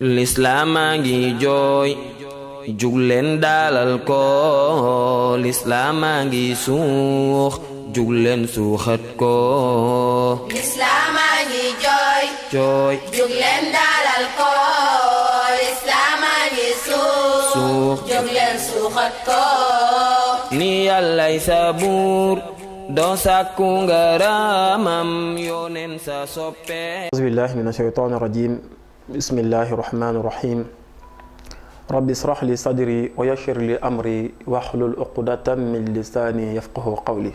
lislaamaa ngi jooy jugleen daalal ko lislaamaa ngi suux jugleen suuxat ko ni yàllay sabuur doo sàkku ngaramam yoneen sa soppe auzu billahi min ashaytaani rajim bismillahi rahmaani rahim rabbi israh li sadri wa yashir li amri waxlul uqdatan min lisaani yafqahu qawli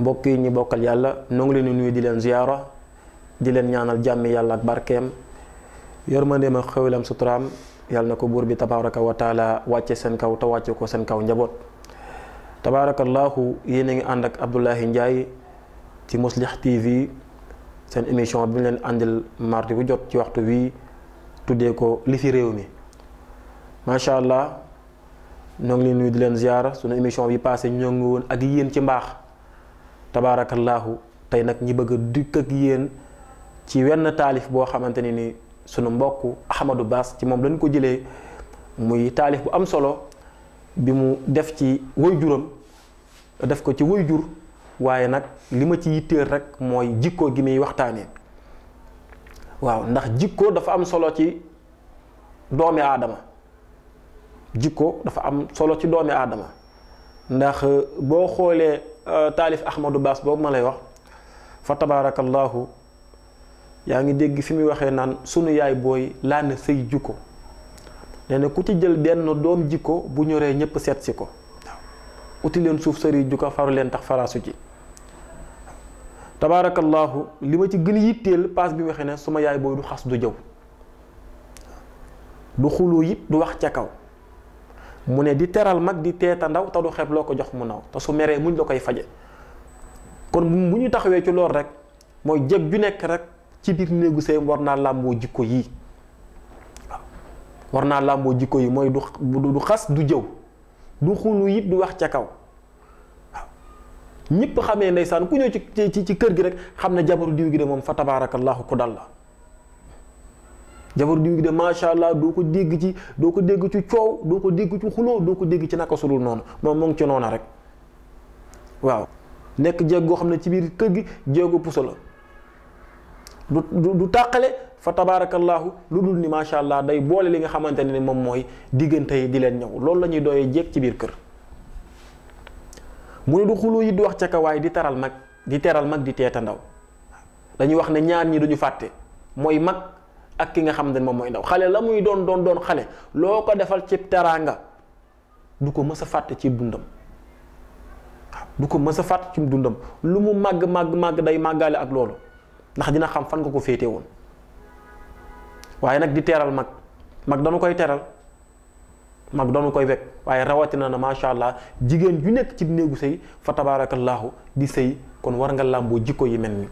mbokk yi ñi bokkal yàlla noo ngi leen di nuyu di leen ziyaara di leen ñaanal jàmmi yàlla ak barkeem yërmandeem ak xewlam suturaam yàlla na ko buur bi tabaaraka wa taala wàcce seen kaw te wàcce ko seen kaw njaboot tabaarakallaahu yéen a ànd ak Abdoulaye Ndiaye ci Mouslih TV seen émission bi ñu leen àndil mardi bu jot ci waxtu wii tuddee ko li fi réew mi macha allah ñoo ngi leen nuyu di leen ziyaara sunu émission bi passé ñoo ngi woon ak yéen ci mbaax tabaarakallaahu tey nag ñi bëgg a dikk ak yéen ci wenn taalif boo xamante ni ni sunu mbokk Ahmadou baas ci moom lañu ko jëlee muy taalif bu am solo bi mu def ci woy juram def ko ci woy jur waaye nag li ma ci yitteel rek mooy jikko gi muy waxtaanee waaw ndax jikko dafa am solo ci doomi aadama jikko dafa am solo ci doomi aadama ndax euh, boo xoolee euh, taalif Ahmadou Bass boobu ma lay wax fa tabaarakallaahu yaa ngi dégg fi muy waxee naan sunu yaay booy laan sëy jikko nee na ku ci jël benn doom jikko bu ñoree ñépp seet si ko uti leen suuf sëriñ ju ko faru leen tax faraasu ci tabaarakallaahu li ma ci gën a yitteel paas bi nga xam ne suma yaay booy du xas du jëw du xuloo it du wax ca kaw mu ne di teral mag di teeta ndaw te du xeeb loo ko jox mu naw te su meree muñ la koy faje kon bu ñu taxawee ci lool rek mooy jeg ju nekk rek ci biir néegu sëyam war naa làmboo jikko yi war naa làmboo jikko yi mooy du du xas du jëw du xulu it du wax ca kaw waaw ñëpp xamee ndeysaan ku ñëw ci ci kër gi rek xam na jabaru diw gi de moom fa tabaarakallaahu ku dal la jabaru diw gi de macha allah doo ko dégg ci doo ko dégg ci coow doo ko dégg ci xuloo doo ko dégg ci naka sulul noonu moom moo ci noona rek waaw nekk jeg goo xam ne ci biir kër gi jéegu puso la du du tàqale fa tabaarakallaahu lu dul ni macha allah day boole li nga xamante ne moom mooy diggante yi di leen ñëw loolu la ñuy doyee jéeg ci biir kër mu ne du xulu yi di wax ca kawaay di teral mag di teral mag di teeta ndaw dañuy wax ne ñaar ñi duñu fàtte mooy mag ak ki nga xam ne moom mooy ndaw xale la muy doon doon doon xale loo ko defal ci teraanga du ko mës a fàtte ci dundam du ko mës a fàtte ci dundam lu mu màgg màgg màgg day màggaale ak loolu ndax dina xam fan nga ko féete woon waaye nag di teral mag mag dañu koy teral mag doonu koy wekk waaye rawatina na macha allah jigéen ju nekk ci néegu sëy fa tabaarakallaahu di sëy kon war nga làmboo jikko yi mel ni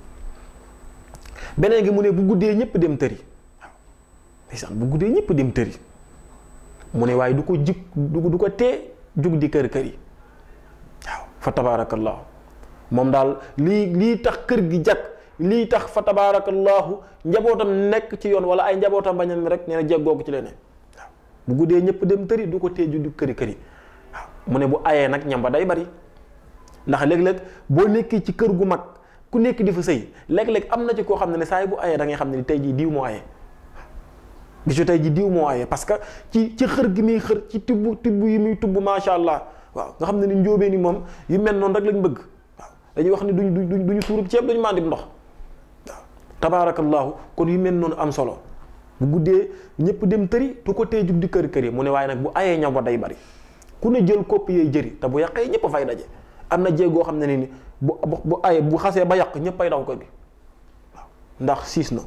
beneen gi mu ne bu guddee ñëpp dem tëri bu guddee ñëpp dem tëri mu ne waaye du ko jik du ko tee jug di kër kër yi waaw fa tabaarakallaahu moom daal lii lii tax kër gi jàkk lii tax fa tabaarakallaahu njabootam nekk ci yoon wala ay njabootam bañam rek nee na jéggoo ko ci leneen bu guddee ñëpp dem tëri du ko tee juddu këri këri waaw mu ne bu ayee nag ñam ba day bari ndax léeg-léeg boo nekkee ci kër gu mag ku nekk di fa sëy léeg-léeg am na ci koo xam ne ne saa yi bu aye dangay xam ne tey jii diw moo ayee bisu tey ji diw moo ayee parce que ci ci xër gi muy xër ci tibb tibb yi muy tubb macha allah waaw nga xam ne ni njóobee ni moom yu mel noonu rek lañ bëgg waaw dañuy wax ni duñ duñ duñu suurub ceeb duñu ndox tabaarakallaahu kon yu mel noonu am solo bu guddee ñëpp dem tëri tu ko tee jug di kër kër yi mu ne waaye nag bu ayee ñaw ba day bari ku ne jël kopp yee jëri te bu yàqee ñëpp fay daje am na jéegoo xam ne ni bu bu ayee bu xasee ba yàq ñëpp ay daw ko bi waaw ndax siis na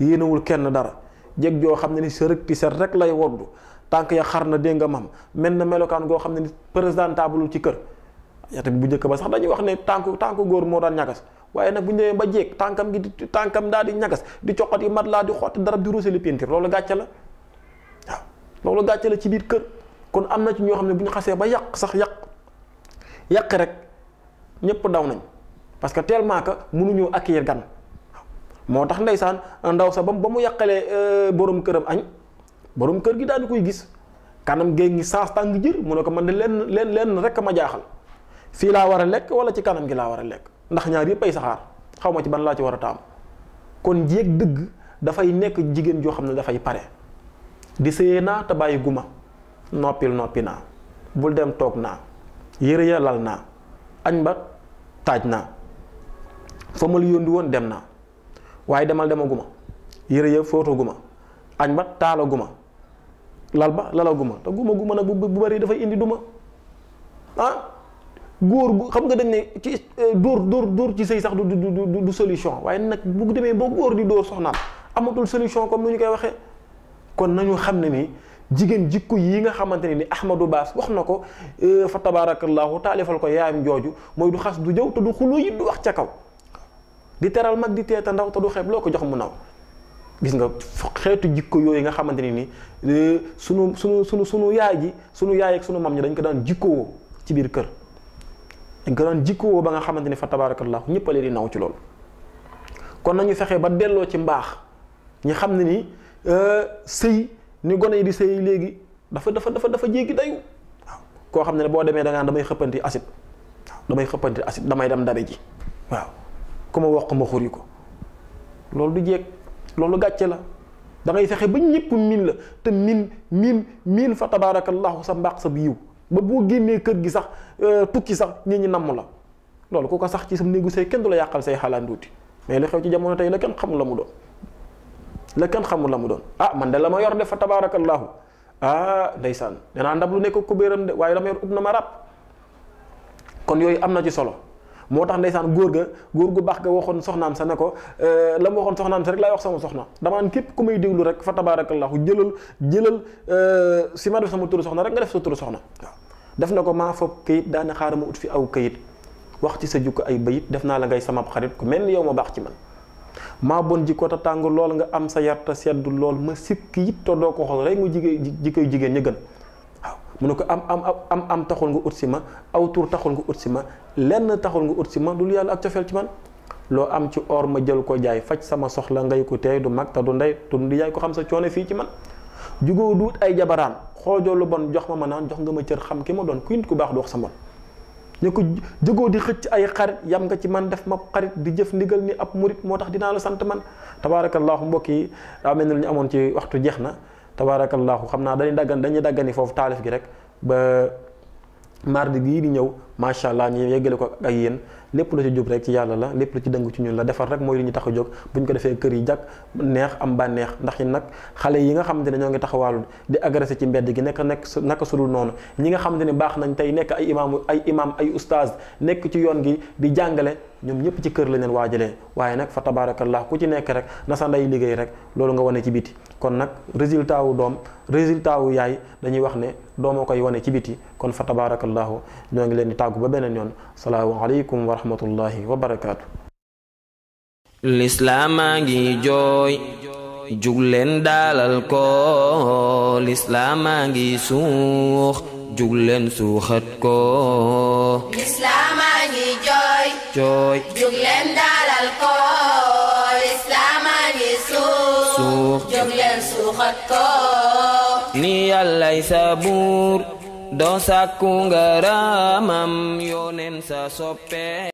yéenewul kenn dara jeg joo xam ne ni sa rëg set rek lay woddu tànk ya xar na dégg nga mam mel na melokaan goo xam ne ni présidentable ci kër yate bi bu njëkk ba sax dañuy wax ne tànk tànk góor moo daan ñagas waaye nag bu ñu demee ba jéeg tànkam gi di tànkam daal di ñagas di coqat yi mat laa di xotti darab di rooseli peinture loolu gàcce la waaw loolu gàcce la ci biir kër kon am na ci ñoo xam ne bu ñu xasee ba yàq sax yàq yàq rek ñëpp daw nañ parce que tellement ñëw ak accueillir gan moo tax ndeysaan ndaw sax ba ba mu yàqalee euh, borom këram añ boroom kër gi daal di koy gis kanam géej ngi saas tàng jër mu ne ko man de lenn lenn lenn rek ma jaaxal fii laa war a lekk wala ci kanam gi laa war a lekk. ndax ñaar yëpp ay saxaar xaw ma ci ban laa ci war a taam kon jéeg dëgg dafay nekk jigéen joo xam ne dafay pare di sëyee naa te bàyyi guma noppil noppi naa bul dem toog naa yére ya lal naa añ ba taaj naa fa ma woon dem naa waaye demal dema guma yére ya fóoto añ ba taala guma lal ba lalaguma guma te guma guma nag bu bari dafay indi duma ah góor gu xam nga dañ ne ci euh, dóor dóor dóor ci sëy sax du du solution waaye nag bu demee ba góor di dóor soxnaam amatul solution comme ni ñu koy waxee kon nañu xam ne ni jigéen jikko yi nga xamante ne ni Ahmadou Baas wax na ko euh, fa tabaarakallaahu taalifal ko yaayam jooju mooy du xas du jëw te du xuloo yi du wax ca kaw di teral mag di teeta ndaw te du xeeb loo ko jox mu naw gis nga xeetu jikko yooyu nga xamante ne ni euh, sunu sunu sunu sunu yaay ji sunu yaay ak sunu mam ñi dañ ko daan jikkowoo ci biir kër gënoon jikkoo ba nga xamante ni fa tabaarakallaahu ñëpp a leen di naw ci loolu kon nañu fexe ba delloo ci mbaax ñu xam ne ni euh, sëy ni gone yi di sëy léegi dafa dafa dafa dafa jéggi dayu waaw koo xam ne boo demee da ngaan damay xëppanti acide waaw damay xëppanti acide damay dem dabe ji waaw ku ma wax ma xuri ko loolu du jeeg loolu gàcce la da fexe ba ñëpp miin la te miin miin miin fa tabaarakallaahu sa mbaax sa biiw ba boo gémmee kër gi sax euh, tukki sax nit ñi namm la loolu ku ko sax ci sam néegu say kenn du la yàqal say xalanduuti mais li xew ci jamono tey la kenn xamul la mu doon la kenn xamul la mu doon ah man de la ma yor def fa tabaarakallaahu ah ndeysaan danaa ndab lu nekk kubéeram de waaye dama ma yor ub na ma ràpp kon yooyu am na ci solo moo tax ndeysaan góor ga góor gu baax ga waxoon soxnaam sa ne ko euh, la mu waxoon soxnaam sa rek laay wax sama soxna dama képp ku may déglu rek fa tabaarakallaahu jëlal jëlal euh, si ma def sama turu soxna rek nga def sa turu soxna def na ko maa foog kayit daana xaar ma ut fi aw kayit wax ci sa jukko ay bayit def naa la ngay sama xarit ko mel ni yow ma baax ci man maa bon jikko ta tàng lool nga am sa yarta seddu lool ma sikk it te ko xool rek mu jigéen jikkoy jigéen ña gën mu ne ko am am am am taxul nga ut si ma aw tur taxul nga ut si ma lenn taxul nga ut si ma lu yàlla ak cofeel ci man loo am ci or ma jël ko jaay faj sama soxla ngay ko teey du mag te du ndey tu du yaay ko xam sa coono fii ci man jugoo duut ay jabaraan xoojoo lu bon jox ma ma naan jox nga ma cër xam ki ma doon ku ku baax du sa mbon ñu ko jugoo di xëcc ay xarit yam nga ci man def ma xarit di jëf ndigal ni ab murit moo tax dinaa la sant man tabaarakallaahu mbokk yi daa mel ni lu ñu amoon ci waxtu jeex na tabaarakallaahu xam naa dañuy daggan dañuy daggani foofu taalif gi rek ba mardi gii di ñëw macha allah ñu yeggale ko ak yéen lépp lu ci jub rek ci yàlla la lépp lu ci dëng ci ñun la defar rek mooy li ñu tax jog jóg bu ñu ko defee kër yi jàkk neex am bànneex ndax nag xale yi nga xamante ne ñoo ngi taxawaalu di agressé ci mbedd gi nekk nekk naka sudul noonu ñi nga xam xamante ni baax nañ tey nekk ay imaamu ay imaam ay ustaaz nekk ci yoon gi di jàngale ñoom ñëpp ci kër la leen waajalee waaye nag fa tabaarakallah ku ci nekk rek na sa nday liggéey rek loolu nga wane ci biti kon nag résultat wu doom résultat wu yaay dañuy wax ne doomoo koy wone ci biti kon fa tabaarakallahu ñoo ngi leen di tàggu ba beneen yoon salaamu aleykum wa rahmatullahi wa barakaatu. lislaamaa ngi jooy jugleen daalal ko lislaamaa ngi suux jugleen suuxat ko jooy jug leen dalal ko lislaam a ngi suux suux jug leen suuxat ko ni yàllay sa buur doo sàkku ngaramam yoneen sa soppe